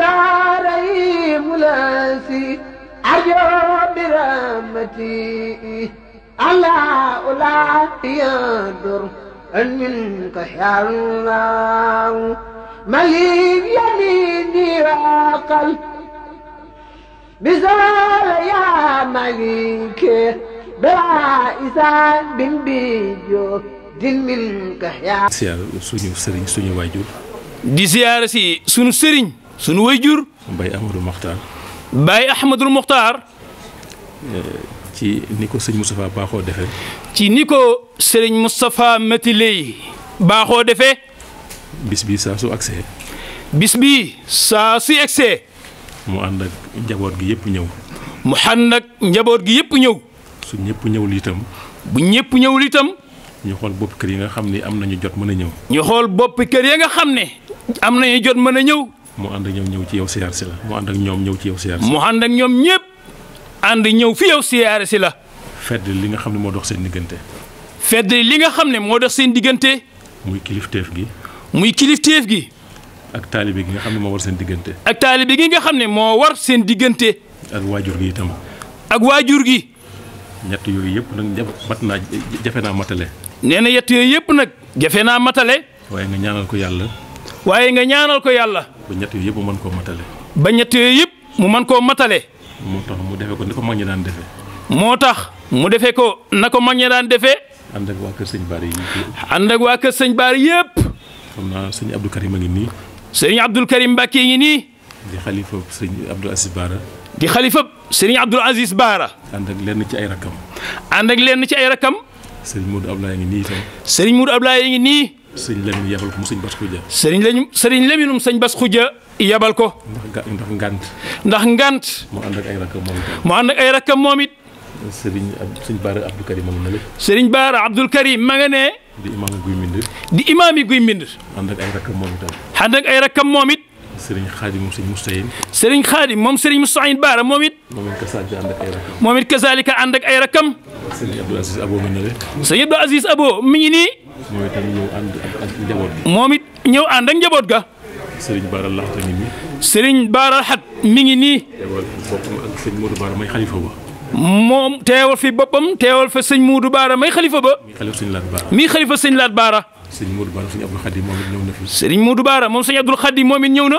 أزاري ملاسي أرجو برحمتي الله لا يضر أن منك يا الله مليك يميني وعقل بزار يا مليك بلا إسان بن بيجو دين منك يا سيار سوني سرين سوني واجور دي سيار سي سونو سرين sunu wayjur. Baye Ahmadou Mokhtar. Baye Ahmadou Mokhtar. ci ni ko sëñ Moustapha baaxoo defee. ci ni ko sëriñ Moustapha Mati Lay baaxoo defee. bis bi saa su agsee. bis bi saa su egsee. mu ànd ak njaboot gi yëpp ñëw. mu ànd ak njaboot gi yëpp ñëw. su ñëpp ñëwul itam. bu ñëpp ñëwul itam. ñu xool bopp kër yi nga xam ne am nañu jot mën a ñëw. ñu xool bopp kër yi nga xam ne. am nañu jot mën a ñëw. mu ànd ak ñoom ñëw ci yow siyaar si la mu ànd ak ñoom ñëw ci yow siyaar si la. ànd ak ñoom ñëpp ànd ñëw fi yow siyaar si la. fedd li nga xam ne moo dox seen diggante. fedd li nga xam ne moo dox seen diggante. muy kilifteef gi. muy kilifteef gi. ak taalibe gi nga xam ne moo war seen diggante. ak taalibe gi nga xam ne moo war seen diggante. ak waajur gi itam. ak waajur gi. ñett yooyu yëpp nag mat naa jafe naa matale. nee na yett yooyu yëpp nag jafe naa matale. waaye nga ñaanal ko yàlla. waaye nga ñaanal ko yàlla. ba ñett yooyu yëpp mu mën koo matale. ba ñett yooyu yëpp mu man koo matale. moo tax mu defee ko ni ko mag ñi daan defee. moo tax mu defee ko na ko mag ñi daan defee. ànd ak waa kër sëñ Baar yi. ànd ak waa kër sëñ Baar yëpp. xam naa sëñ Abdou Karim ngi nii. sëñ Abdul Karim Mbacke ngi nii. di xalifa sëñ Abdou Aziz Baara. di xalifa sëñ Abdou Aziz Baara. ànd ak lenn ci ay rakam. ànd ak lenn ci ay rakam. sëriñ Moudou Ablaye ngi nii itam. sëriñ Moudou Ablaye ngi nii. sëriñ Lamine yabal ko mu sëñ Bass Khoudia. sëriñ Lamine sëriñ Lamine mu sëñ Bass Khoudia yabal ko. ndax ngant. ndax ngant. mu ànd ak ay rakkam moom it. mu ànd ak ay rakkam moom it. sëriñ sëñ Baara Abdul Karim ma nga ne. sëriñ Baara Abdul Karim ma nga ne. di imaam guy mbind. di imaam yi guy mbind. ànd ak ay rakkam moom itam. ànd ak ay rakkam moom it. sëriñ Xaadim moom sëriñ Mustahin. sëriñ Xaadim moom sëriñ Mustahin Baara moom it. moom it kasaalika ànd ak ay rakkam. moom it kasaalika ànd ak ay rakkam. sëriñ Abdul Aziz Abo mi ngi nii. moom itam ñëw ànd ak njaboot ga. moom it ñëw ànd ak njaboot ga. Serigne Baara Lahat mi ngi nii. Serigne Baara Lahat mi ngi nii. teewal fi boppam ak sëñ Modou Baara may xalifa ba. moom teewal fi boppam teewal fa sëñ Modou Baara may xalifa ba. mi xalifa sëñ Laat Baara. mi xalifa sëñ Laat Baara. Serigne Modou Baara moom it ñëw na fi. moom sëñ moom it ñëw na.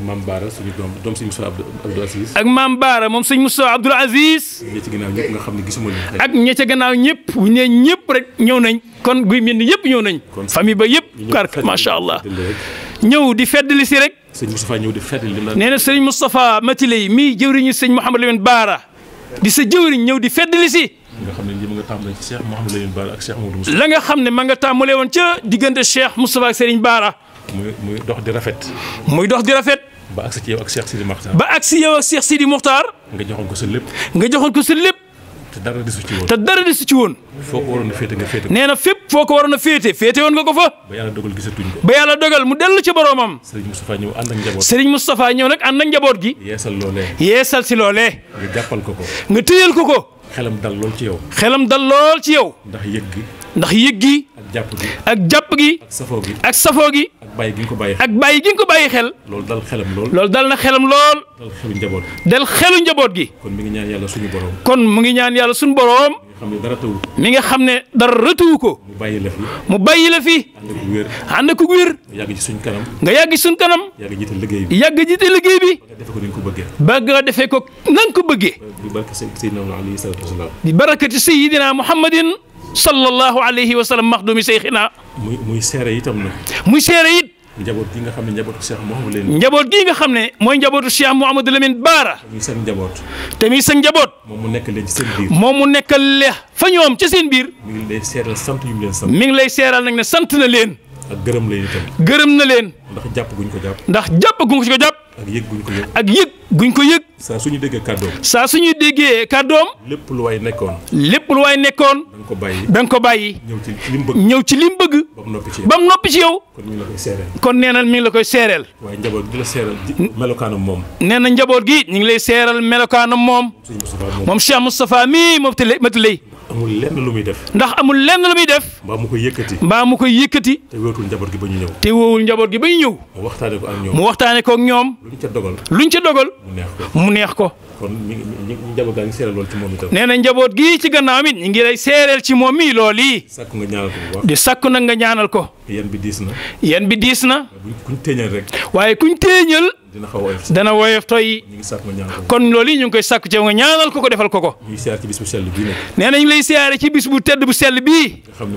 maam Baara suñu doom doom sëñ Moussa Abdou Aziz. ak maam Baara moom sëñ Moussa Abdou Aziz. ña ñëpp nga xam ak ña gannaaw ñëpp bu nee ñëpp rek ñëw nañ kon guy mel ni yëpp ñëw nañ. famille ba yëpp kàr macha allah. ñëw di feddali si rek. sëñ Moustapha ñëw di feddali li mu nee na sëñ Moustapha Matiley mii jëwriñu sëñ Mouhamadou Lamine Baara di sa jëwriñ ñëw di feddali si. nga xam ne li ma nga tàmbalee ci Cheikh Mouhamadou Lamine Baara ak Cheikh la nga xam ne ma nga tàmbalee woon ca diggante Cheikh Moustapha ak Serigne Baara. muy muy dox di rafet. muy dox di rafet. ba agsi ci yow ak Cheikh Sidi Mokhtar. ba agsi yow ak Cheikh Sidi nga joxoon ko sa lépp. nga joxoon ko sa lépp. te dara desu ci woon te dara desu ci woon. foo a féete nga féete ko. nee na fépp foo ko waroon a féete féete woon nga ko fa. ba yàlla dogal mu dellu ci boroomam. Serigne Moustapha ñëw ànd ak ak njaboot gi. yeesal loolee. yeesal si loolee. nga jàppal ko ko. nga téyal ko ko. xelam dal lool ci yow. xelam dal lool ci yow. ndax yëg gi. ak jàpp gi. ak safoo gi. ak safoo gi. bàyyi gi nga ko bàyyi xel ak bàyyi gi nga ko bàyyi xel. loolu dal xelam lool. loolu dal na xelam lool. dal xelu njaboot gi. dal xelu njaboot gi. kon mi ngi ñaan yàlla suñu borom. kon mu ngi ñaan yàlla suñu borom. mi nga xam ne dara rëtuwu ko. mu bàyyi la fi. mu bàyyi la fi. ànd ku wér. ànd ku wér. nga yàgg ci suñ kanam. nga yàgg ci suñ kanam. yàgg jiite liggéey bi. yàgg jiite liggéey bi. ba nga defee ko na nga ko bëggee. bi barakati sayyidina Muhammadin sallallahu alayhi wa sallam maxdumi seyxina muy muy seere itam nag. muy seere it. njaboot gi nga xam ne njabootu Cheikh Mouhamadou Lamine. njaboot gi nga xam ne mooy njabootu Cheikh Mouhamadou Lamine Baara. te muy seen njaboot. te muy seen njaboot. moom mu nekk leen ci seen biir. moom mu nekk leen fa ñoom ci seen biir. mu ngi lay seeral sant yu leen sant. mi ngi lay seeral nag ne sant na leen. ak gërëm la itam. gërëm na leen. ndax jàpp guñ ko jàpp. ndax jàpp guñ ko jàpp. ak yëg guñ ko yëg. ak yëg guñ ko yëg. saa suñu déggee kàddoom. saa suñuy déggee kàddoom. lépp lu waay nekkoon. lépp lu waay nekkoon. da ko bàyyi da nga ko bàyyi. ñëw ci lim bëgg ñëw ci lim bëgg. ba mu noppi ci yow ba mu noppi ci yow. kon mi ngi la koy seereel. nee na mi ngi la koy seereel. waaye njaboot gi la seereel melokaanam moom. nee na njaboot gi ñu ngi lay seereel melokaanam moom. moom Cheikh Moustapha mii moom Tiley amul lenn lu muy def. ndax amul lenn lu muy def. mbaa mu koy yëkkati. mbaa mu koy yëkkati. te wootul njaboot gi ba ñu ñëw. te woowul njaboot gi ba ñu ñëw. mu waxtaane ko ak ñoom mu waxtaane ko ak ñoom. luñ ca dogal luñ ca dogal. mu neex ko mu neex ko. kon mi ngi njaboot gaa lool ci moom itam. nee na njaboot gii ci gannaaw mi ñu ngi lay seereel ci moom mii lool yi. sakku nga ñaanal ko bu baax di sakku nag nga ñaanal ko. yan bi diis na. yan bi diis na. waaye kuñ téeñal téeñal. dina xaw woyof dana woyof toy kon loolu yi ñu ngi koy sàkku ci yow nga ñaanal ko ko defal ko ko. ñu ngi siyaar ci bis bu sell bii nee nañ lay siyaare ci bis bu tedd bu sell bii. nga xam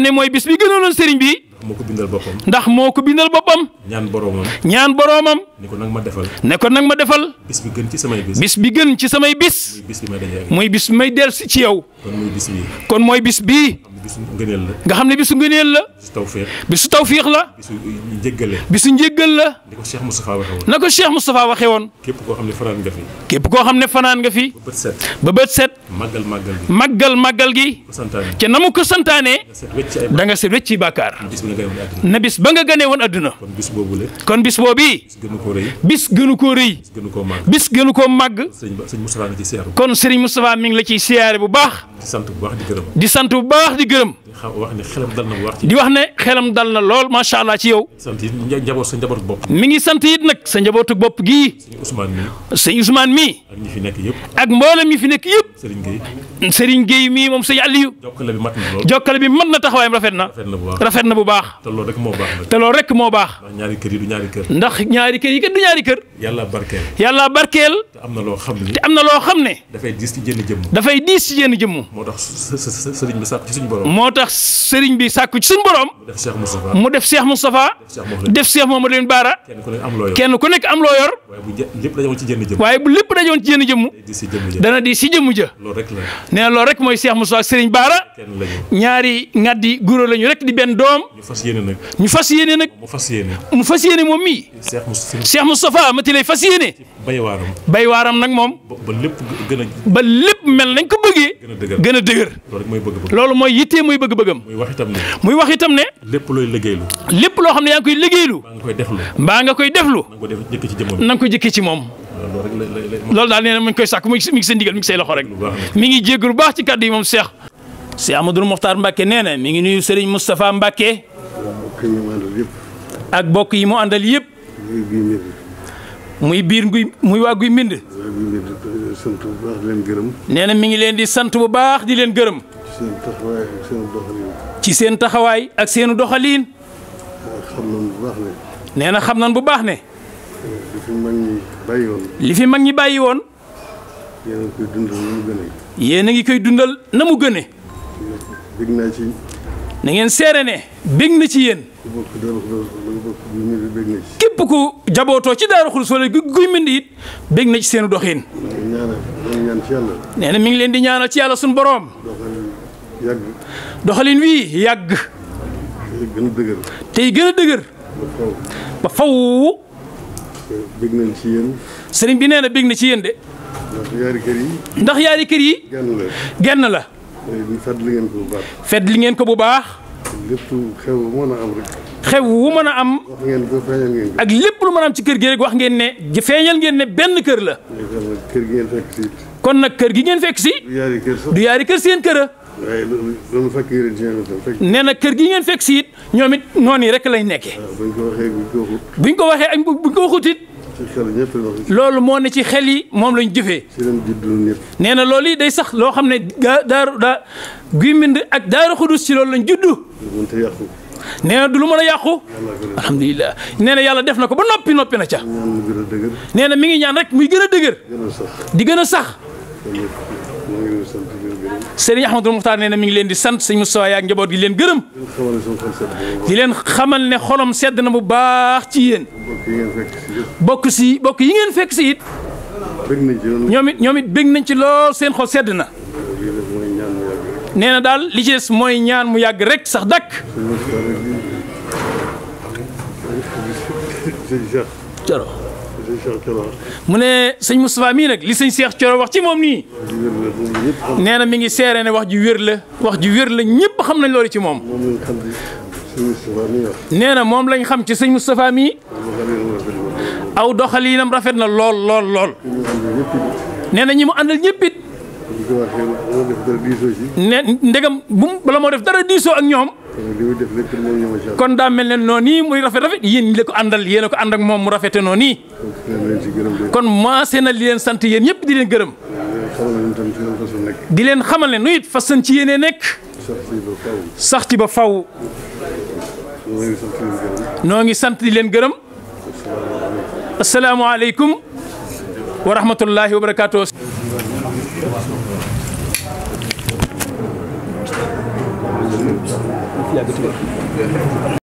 ne mooy bis bi gënaloon sëriñ bi. moo ko bindal boppam. ndax moo ko bindal boppam. ñaan boroomam. ñaan boroomam. ne ko nag ma defal. ne ko ma defal. bis bi gën ci samay bis. bis bi gën ci samay bis. muy bis bi may dellusi ci yow. kon kon mooy bis bii. bisu ngëneel la. nga xam ne bisu ngëneel la. bisu tawféex. bisu tawféex la. bisu njëggal la. bisu njëggal la. ni ko Cheikh Moustapha waxee woon. na ko Cheikh Moustapha waxee woon. képp koo xam ne fanaan nga fi. képp koo xam ne fanaan nga fi. ba bët set. ba bët set. màggal màggal gi. màggal màggal gi. ca na mu ko santaanee. da nga set wecc ci na bis ba nga gënee woon àdduna kon bis boobu la kon bis boobu bis gënu koo rëy bis gënu koo rëy bis gënu koo màgg bis gënu koo màgg kon sëriñ Moustapha mi ngi la ciy siyaare bu baax di sant bu baax di gërëm di sant bu baax di gërëm di wax ne xelam dal na lool macha allah ci yow mi ngi sant it nag sa njabootu bopp gii sëñ Ousmane mii ak mboolem yi fi nekk yëpp sëriñ Guèye mii moom sëñ Aliou jokkale bi mat na taxawaayam rafet na rafet na bu baax baax. te loolu rek moo baax te loolu rek moo baax. ndax ñaari kër yi du ñaari kër. ndax ñaari kër yi kat du ñaari kër. yàlla barkeel. yàlla barkeel. te am na loo xam ne. te am na loo xam ne. dafay diis ci jënn jëmm. dafay diis ci jënn jëmm. moo tax sëriñ bi sàkku ci suñu borom. moo tax sëriñ bi sàkku ci mu def Cheikh Moustapha mu def Cheikh Moustapha. def Cheikh Mouhamadou Lamine kenn ku nekk am loo yor. waaye bu lépp dajoon ci jënn jëmm. dana diis ci jëmm ja. nee loolu rek mooy Cheikh Moustapha sëriñ Bara ñaari ngàddi guro lañu rek di benn doom fas yéene nag. ñu fas yéene nag. mu fas yéene. mu fas moom mii. Cheikh Moustapha Cheikh Moustapha Mati lay fas yéene. bay waaram. nag moom. ba lépp gën a. ba lépp mel nañ ko bëggee. gën a dëgër loolu mooy yittee mooy bëgg-bëggam. muy wax itam ne. lépp looy liggéeylu. lépp loo xam ne yaa ngi koy liggéeylu. mbaa nga koy deflu. mbaa ko jëkkee ci moom loolu daal nee na mu ngi koy sàkk mu ngi sa ndigal mi ngi say loxo rek mi ngi jégg lu baax ci kàddu yi moom Cheikh si Amadou Mokhtar Mbacke nee na mi ngi nuyu Serigne Moustapha Mbacke ak bokk yi mu àndal yëpp. muy biir guy muy waa guy mbind. nee na mi ngi leen di sant bu baax di leen gërëm. ci seen taxawaay ak seenu doxaliin. nee na xam nan bu baax ne. li fi mag ñi bàyyi woon. yéen a ngi koy dundal na mu gëne. yéen a ngi koy dundal na mu gëne. bég naa ci. ngeen seere ne bég na ci yéen. képp ku jabootoo ci Daaru Xudus wala guy mbind it bég na ci seenu doxin. nee na mi ngi leen di ñaanal ci yàlla suñu boroom. doxalin wii yàgg. tey gën a dëgër. ba faw bég nañ ci yéen. sëriñ bi nee na bég na ci yéen de. ndax yaari kër yi. ndax la. fedd li ngeen ko bu baax. fedd li ngeen ko bu baax. xew wu mën a am rek. xew wu mën a am. wax ko ak lépp lu man a am ci kër gi rek wax ngeen ne feeñal ngeen ne benn kër la. kër gi ngeen fekk kon nag kër gi ngeen fekk si. du yaari kër sax du seen kër a. waaye loolu fekk nee na kër gi ngeen fekk si it ñoom it noonu yi rek lay nekkee. buñ ko waxee ko waxut. buñ ko waxee ak buñ ko waxut it loolu moo ne ci xel yi moom lañ jëfee. nee na loolu day sax loo xam ne daa daaru daa guy mbind ak daaru xudus ci loolu lañ juddu. nee na du lu mën a yàqu. alhamdulilah nee na yàlla def na ko ba noppi noppi na ca. nee na mi ngi ñaan rek muy gën a dëgër. di gën a sax. sëriñ Ahmadou Moukhtar nee na mi ngi leen di sant sëñ Moustapha yaak njaboot gi leen gërëm di leen xamal ne xolom sedd na bu baax ci yéen bokk si bokk yi ngeen fekk si it ñoom it ñoom bég nañ ci lool seen xol sedd na nee daal li mooy ñaan mu yàgg rek sax dakk mu ne sëñ Moustapha mii nag li sëñ seex Thioro wax ci moom nii nee na mi ngi seere ne wax ju wér la wax ju wér la ñëpp xam nañ loolu ci moom nee na moom lañ xam ci sëñ Moustapha mii aw doxaliinam rafet na lool lool lool nee na ñi mu àndal ñëpp ndegam bala moo def dara diisoo ak ñoom kon daa mel ne noonu nii muy rafet rafet yéen ñi la ko àndal yéen ko ànd ak moom mu rafete noonu nii. kon maase na li leen sant yéen ñëpp di leen gërëm. di leen xamal ne nu it fas san ci yéenee nekk. sax ci ba faw noo ngi sant di leen gërëm. asalaamaaleykum. wa rahmatullahi wa yàgg ci